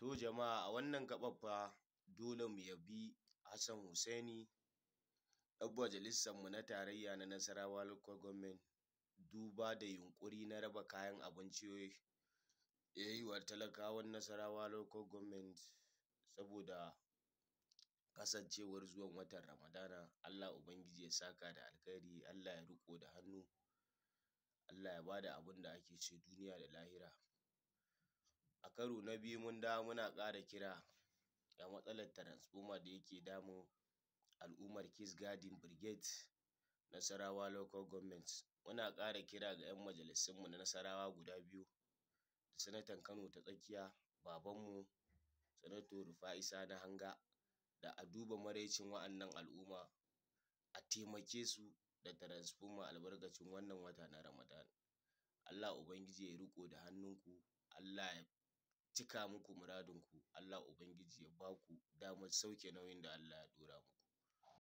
To jama'a a wannan gaɓar fa dole mu yabi Hassan Hussaini ɗan majalisar mu na tarayya na Nasarawa Local Government duba da yunƙuri na raba kayan abinci ya yi wa talakawan Nasarawa Local Government saboda kasancewar zuwan watan Ramadana Allah Ubangiji ya saka da alkhairi Allah ya riƙo da hannu Allah ya ba da abin da ake ci duniya da lahira. a karo na biyu mun dawo muna ƙara kira ga matsalar transformer da yake damun al'ummar Peace Garden Brigade Nasarawa Local Government muna ƙara kira ga 'yan majalisunmu na Nasarawa guda biyu da sanatan Kano ta tsakiya babanmu Sanato rufa'isa na Hanga da a duba maraicin wa'annan al'umma a taimake su da transformer albarkacin wannan wata na Ramadan Allah Ubangiji ya riƙo da hannun ku Allah ya cika muku muradinku Allah Ubangiji ya ba ku damar sauke nauyin da Allah ya ɗora muku.